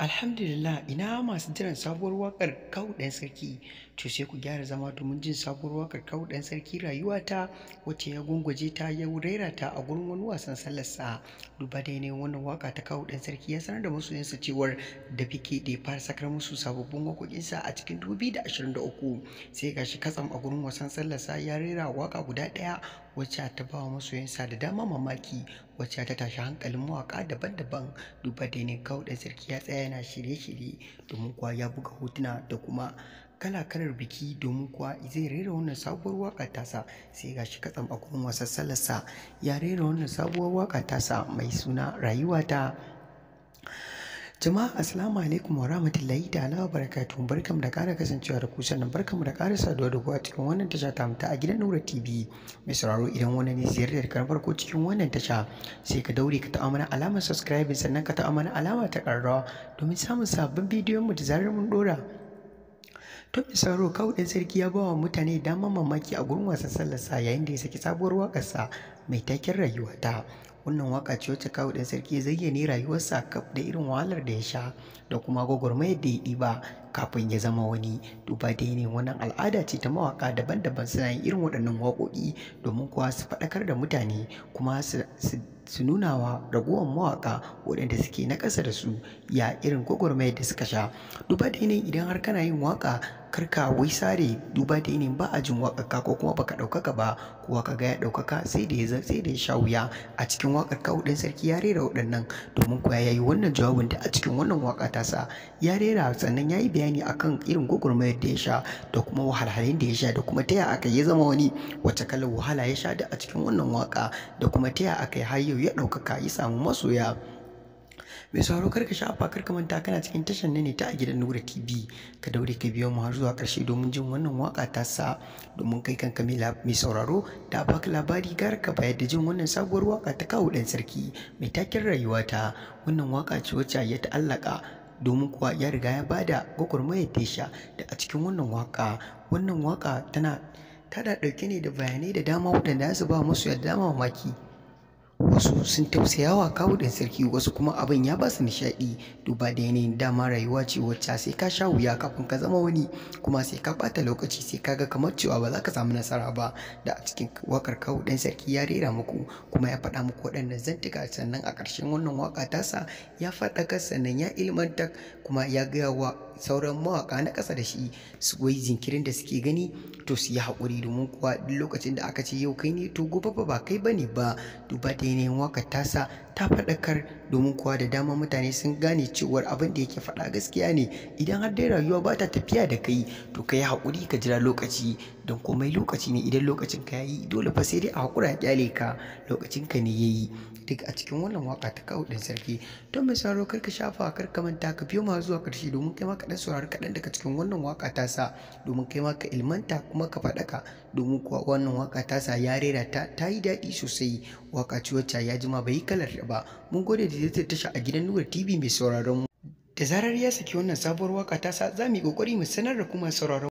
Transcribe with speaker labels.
Speaker 1: Alhamdulillah ina masu jiran sabuwar waƙar kawu ɗan sarki to sai ku gyara zama domin jin sabuwar wakar kawo ɗan sarki rayuwata wacce ya gungwaje ta ya raira ta a gurin wani wasan sallarsa duba da yanayin wannan waka ta kawo ɗan sarki ya sanar da masoyansa cewar da fike da fara sakar musu sababbin waƙoƙinsa a cikin 2023 sai gashi katsam a gurin wasan sallarsa ya rera waka guda ɗaya wacce ta ba wa masoyansa da dama mamaki wacce ta tashi hankalin mawaka daban-daban duba da ne kawo da sarki ya tsaya yana shirye-shirye domin kuwa ya buga hotuna da kuma kala-kalar biki domin kuwa zai rera wannan sabuwar waka tasa sai ga shi katsam a gurin wasa salasa ya rera wannan sabuwar waka tasa mai suna rayuwa ta jama'a assalamu alaikum wa rahmatullahi da wa barakatu barkam da kara kasancewa da ku sannan barkam da kara saduwa da kuwa cikin wannan tasha ta mutu a gidan Nura TV mai sauraro idan wani ne ziyarar karamar farko cikin wannan tasha sai ka daure ka ta'a mana alamar subscribe sannan ka ta'a mana alama ta karrawa domin samun sabbin bidiyon mu da zarar mun dora Tun sauro, kawai ɗan sarki ya bawa mutane damar mamaki a gurin wasan sallarsa yayin da ya saki sabuwar waƙarsa mai taken rayuwata. Wannan waka ce wacce kawai ɗan sarki ya zayyane rayuwarsa da irin wahalar da ya sha da kuma gwagwarmayar da ya ɗiba kafin ya zama wani duba dai ne wannan al'ada ce ta mawaka daban-daban suna yin irin waɗannan waƙoƙi domin kuwa su faɗakar da mutane kuma su su nuna wa ragowar mawaka waɗanda suke na ƙasa da su ya irin gwagwarmayar da suka sha duba da yanayin idan har kana yin waƙa karka wai sare duba da yanayin ba a jin waƙarka ko kuma baka ɗaukaka ba kowa ka ga ya ɗaukaka sai da ya sai da ya sha wuya a cikin waƙar ka ɗan sarki ya rera waɗannan domin kuwa ya yi wannan jawabin da a cikin wannan waƙa ta sa ya rera sannan ya yi bayani bayani akan irin gwagwarmayar da ya sha da kuma wahalhalun da ya sha da kuma ta ya aka yi zama wani wacce kalar wahala ya sha da a cikin wannan waka da kuma ta ya aka yi har yau ya ɗaukaka ya samu masoya mai sauraro kar ka shafa kar ka manta kana cikin tashar ne ta a gidan Nura TV ka daure ka biyo mu har zuwa ƙarshe domin jin wannan waka ta sa domin kai kanka mai sauraro da baka labari gara ka bayar da jin wannan sabuwar waka ta kawo dan sarki mai takin rayuwata. wannan waka ce wacce ya ta'allaka domin kuwa ya riga ya bada gwagwarmayar sha, da a cikin wannan waka wannan waka tana tana ɗauke ne da bayanai da dama waɗanda za su ba masu yadda dama mamaki wasu sun tausayawa ɗin sarki wasu kuma abin ya ba su nishaɗi duba da yanayin dama rayuwa ce wacce sai ka sha wuya kafin ka zama wani kuma sai ka bata lokaci sai ka ga kamar cewa ba za ka samu nasara ba da a cikin wakar ɗin sarki ya rera muku kuma ya faɗa muku waɗannan zantuka sannan a ƙarshen wannan waka tasa ya ka sannan ya ilmantar kuma ya gaya wa sauran mawaka na ƙasa da shi su goyi jinkirin da suke gani to su yi haƙuri domin kuwa duk lokacin da aka ce yau kai ne to gobe ba kai bane ba duba da ainihin waka tasa ta faɗakar domin kuwa da dama mutane sun gane cewar abin da yake faɗa gaskiya ne idan har dai rayuwa ba ta tafiya da kai to ka yi haƙuri ka jira lokaci don komai lokaci ne idan lokacin ka yayi dole fa sai dai a haƙura a kyale ka lokacin ka ne yayi duk a cikin wannan waƙa ta kawo ɗin sarki don mai sauraro kar ka shafa kar ka manta ka biyo ma zuwa ƙarshe domin kai ma ka ɗan saurari kaɗan daga cikin wannan waƙa ta sa domin kai ma ka ilmanta kuma ka faɗaka domin kuwa wannan waƙa ta sa ya rera ta ta yi daɗi sosai waka ciwacca ya jima bai yi kalar ba mun gode da zai tasha a gidan nura tv mai sauraron mu da zarar ya saki wannan sabuwar waka ta sa za mu yi kokari mu sanar da kuma sauraron